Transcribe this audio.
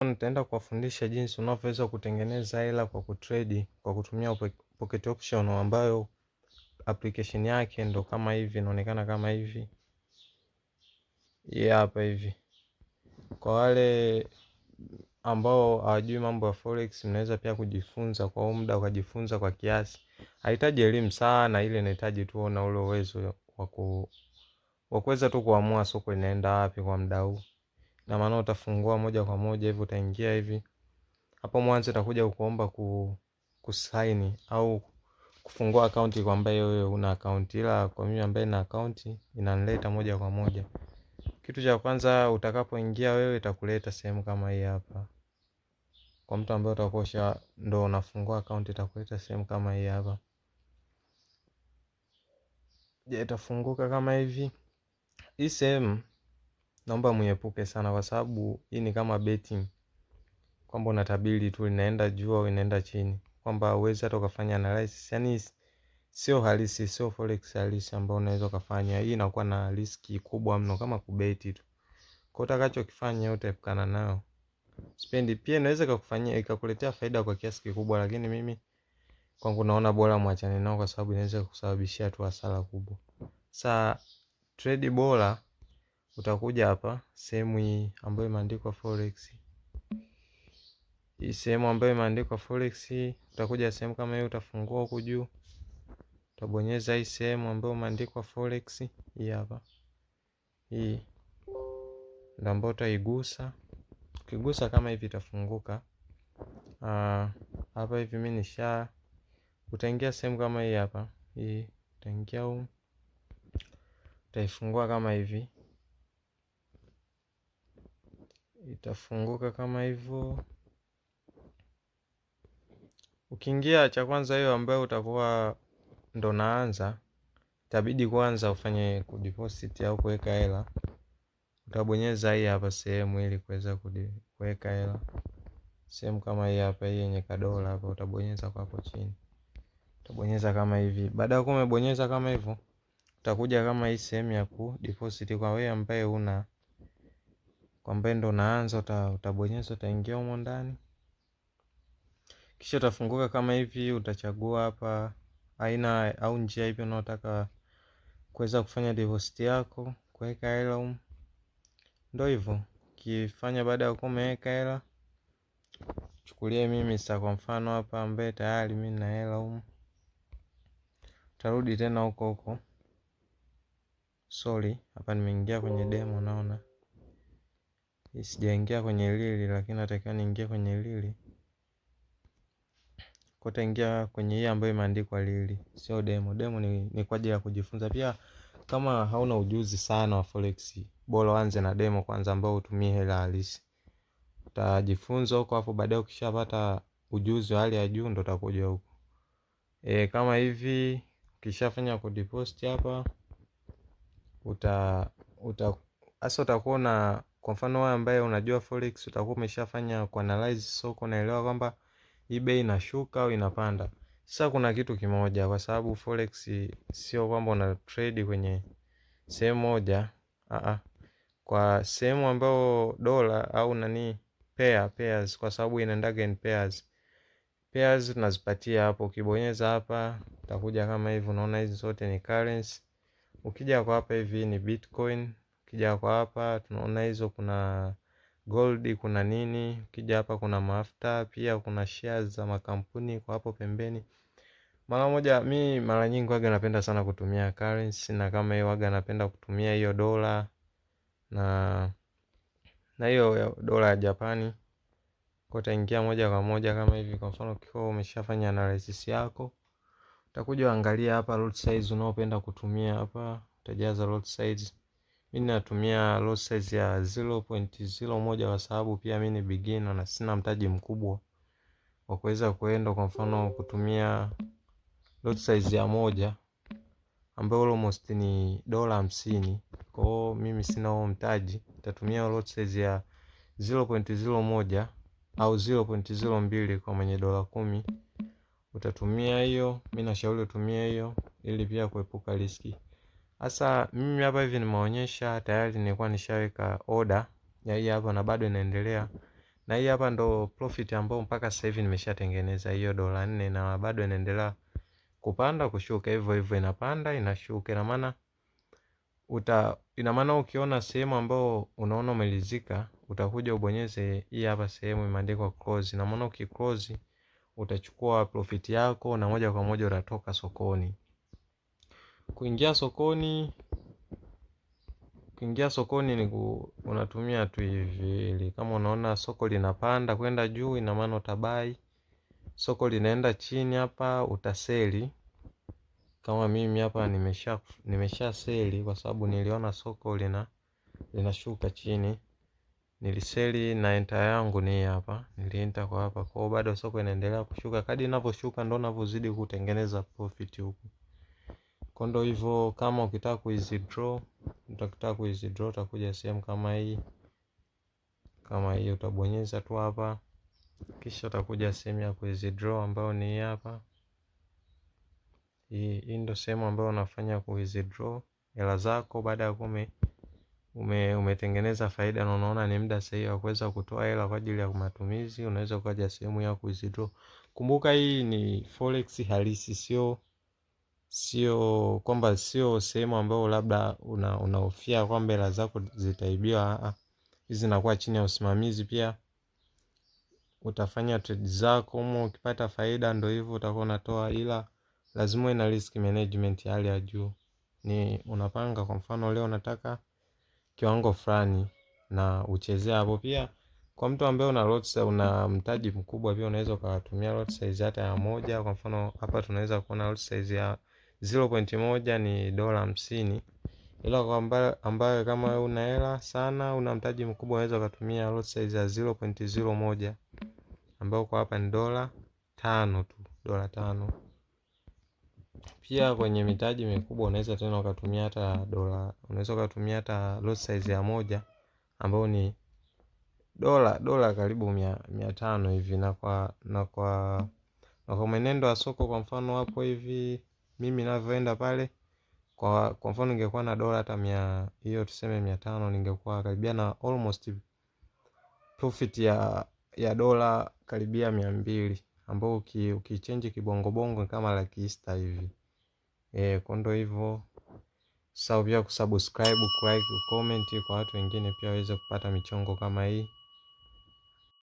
Nitaenda kuwafundisha jinsi unavyoweza kutengeneza hela kwa kutredi kwa kutumia pocket option, ambayo application yake ndo kama hivi inaonekana kama hivi hapa hivi kwa wale ambao hawajui mambo ya forex mnaweza pia kujifunza kwa muda ukajifunza kwa kiasi. Haihitaji elimu sana ile inahitaji tu na ule uwezo wa ku wa kuweza tu kuamua soko inaenda wapi kwa muda huu. Na maana utafungua moja kwa moja hivi utaingia hivi. Hapo mwanzo itakuja kukuomba kusaini au kufungua akaunti kwa ambaye wewe una akaunti ila kwa mimi ambaye na akaunti inanileta moja kwa moja. Kitu cha kwanza utakapoingia wewe itakuleta sehemu kama hii hapa. Kwa mtu ambaye utakuwa usha ndo unafungua account itakuleta sehemu kama hii hapa. Je, itafunguka kama hivi? Hii sehemu naomba muepuke sana kwa sababu hii ni kama betting. Kwamba unatabiri tu inaenda juu au inaenda chini. Kwamba uweze hata ukafanya analysis. Yani sio halisi, sio forex halisi ambayo unaweza ukafanya. Hii inakuwa na riski kubwa mno kama kubeti tu. Kwa utakachokifanya utaepukana nao. Sipendi pia inaweza ikakufanyia ikakuletea faida kwa kiasi kikubwa, lakini mimi kwangu naona bora mwachane nao kwa sababu inaweza kusababishia tu hasara kubwa. Sa trade bora utakuja hapa sehemu hii ambayo imeandikwa forex. Hii sehemu ambayo imeandikwa forex, utakuja sehemu kama hii, utafungua huku juu, utabonyeza hii sehemu ambayo imeandikwa forex. Hii hapa hii ndio ambayo utaigusa. Ukigusa kama hivi itafunguka. Ah, hapa hivi mimi nisha, utaingia sehemu kama hii hapa. Hii utaingia huu, utaifungua kama hivi, itafunguka kama hivyo. Ukiingia cha kwanza hiyo ambayo utakuwa ndo naanza, itabidi kwanza ufanye kudeposit au kuweka hela utabonyeza hii hapa sehemu ili kuweza kuweka hela. Sehemu kama hii hapa hii yenye kadola hapa utabonyeza kwa hapo chini. Utabonyeza kama hivi. Baada ya kuwa kama hivyo, utakuja kama hii sehemu ya ku deposit kwa wewe ambaye una kwa ambaye ndo unaanza uta, utabonyeza utaingia humo ndani. Kisha utafunguka kama hivi, utachagua hapa aina au njia ipi unaotaka kuweza kufanya deposit yako, kuweka hela huko. Ndo hivyo kifanya baada ya kuwa umeweka hela, chukulie mimi sasa kwa mfano hapa, ambaye tayari mimi na hela humu, tarudi tena huko huko. Sorry, hapa nimeingia kwenye demo, naona sijaingia kwenye lili, lakini natakiwa niingie kwenye lili. Kotaingia kwenye hii ambayo imeandikwa lili, sio demo. Demo ni, ni kwa ajili ya kujifunza pia. Kama hauna ujuzi sana wa forex, bora uanze na demo kwanza ambao utumie hela halisi. Utajifunza huko hapo baadaye ukishapata ujuzi wa hali ya juu ndo utakuja huko. E, kama hivi ukishafanya ku deposit hapa uta uta hasa utakuwa na kwa mfano wewe ambaye unajua forex utakuwa umeshafanya kuanalyze soko, unaelewa kwamba hii bei inashuka au inapanda. Sasa kuna kitu kimoja kwa sababu forex sio kwamba una trade kwenye sehemu moja. Kwa sehemu ambayo dola au nani pair, pairs kwa sababu inaendaga in pairs. Pairs tunazipatia hapo, ukibonyeza hapa utakuja kama hivi, unaona hizi zote ni currency. Ukija kwa hapa hivi ni Bitcoin, ukija kwa hapa tunaona hizo kuna Gold kuna nini, ukija hapa kuna mafuta, pia kuna shares za makampuni kwa hapo pembeni. Mara moja mi mara nyingi waga napenda sana kutumia currency na kama hiyo waga napenda kutumia hiyo dola na na hiyo dola ya Japani. Kwa utaingia moja kwa moja kama hivi kwa mfano ukiwa umeshafanya analysis yako. Utakuja angalia hapa lot size unaopenda kutumia hapa, utajaza lot size. Mimi natumia lot size ya 0.01 kwa sababu pia mimi ni beginner na sina mtaji mkubwa wa kuweza kuenda kwa mfano kutumia lot size ya moja ambayo almost ni dola hamsini. Kwa hiyo mimi sina huo mtaji, nitatumia lot size ya 0.01 au 0.02 kwa mwenye dola kumi. Utatumia hiyo, mimi nashauri utumie hiyo ili pia kuepuka riski. Hasa mimi hapa hivi nimeonyesha tayari nilikuwa nishaweka order ya hii hapa na bado inaendelea. Na hii hapa ndo profit ambayo mpaka sasa hivi nimeshatengeneza hiyo dola nne na bado inaendelea kupanda kushuka hivyo hivyo inapanda inashuka. na maana uta ina maana ukiona sehemu ambayo unaona umelizika utakuja ubonyeze hii hapa sehemu imeandikwa close. na maana ukiclose utachukua profit yako na moja kwa moja utatoka sokoni. Kuingia sokoni, kuingia sokoni ni unatumia tu hivi ili kama unaona soko linapanda kwenda juu, ina maana utabai. Soko linaenda chini hapa, utaseli. Kama mimi hapa nimesha nimesha seli kwa sababu niliona soko lina linashuka chini, niliseli na enta yangu ni hapa, nilienta kwa hapa kwao, bado soko inaendelea kushuka. Kadi inavyoshuka ndo navyozidi kutengeneza profit huku. Kwa ndo hivyo kama ukitaka kuwithdraw, utakitaka kuwithdraw utakuja sehemu kama hii. Kama hii utabonyeza tu hapa. Kisha utakuja sehemu ya kuwithdraw ambayo ni hapa. Hii hii ndio sehemu ambayo unafanya kuwithdraw hela zako baada ya kume ume, umetengeneza faida na unaona ni muda sahihi wa kuweza kutoa hela kwa ajili ya matumizi, unaweza ukaja sehemu ya kuwithdraw. Kumbuka hii ni forex halisi sio sio kwamba sio sehemu ambayo labda unahofia kwamba hela zako zitaibiwa. Hizi zinakuwa chini ya usimamizi pia, utafanya trade zako humo, ukipata faida ndo hivyo utakuwa unatoa, ila lazima uwe na risk management ya hali ya juu. Ni unapanga kwa mfano, leo unataka kiwango fulani na uchezea hapo. Pia kwa mtu ambaye una lot size, una mtaji mkubwa, pia unaweza ukatumia lot size hata ya moja. Kwa mfano hapa tunaweza kuona lot size ya 0.1 ni dola hamsini ila kwa ambayo, ambayo kama wewe una hela sana una mtaji mkubwa unaweza ukatumia lot size ya 0.01 ambayo kwa hapa ni dola tano tu, dola tano. Pia kwenye mitaji mikubwa unaweza tena ukatumia hata dola, unaweza ukatumia hata lot size ya moja ambayo ni dola dola karibu mia, mia tano hivi na kwa na kwa na kwa mwenendo wa soko, kwa mfano hapo hivi mimi navyoenda pale kwa, kwa mfano ningekuwa na dola hata mia hiyo tuseme mia tano ningekuwa karibia na almost profit ya, ya dola karibia mia mbili ambao ukichange kibongobongo kama laki sita hivi e, kondo hivyo. sawa. pia kusubscribe, kulike, comment kwa watu wengine pia waweze kupata michongo kama hii.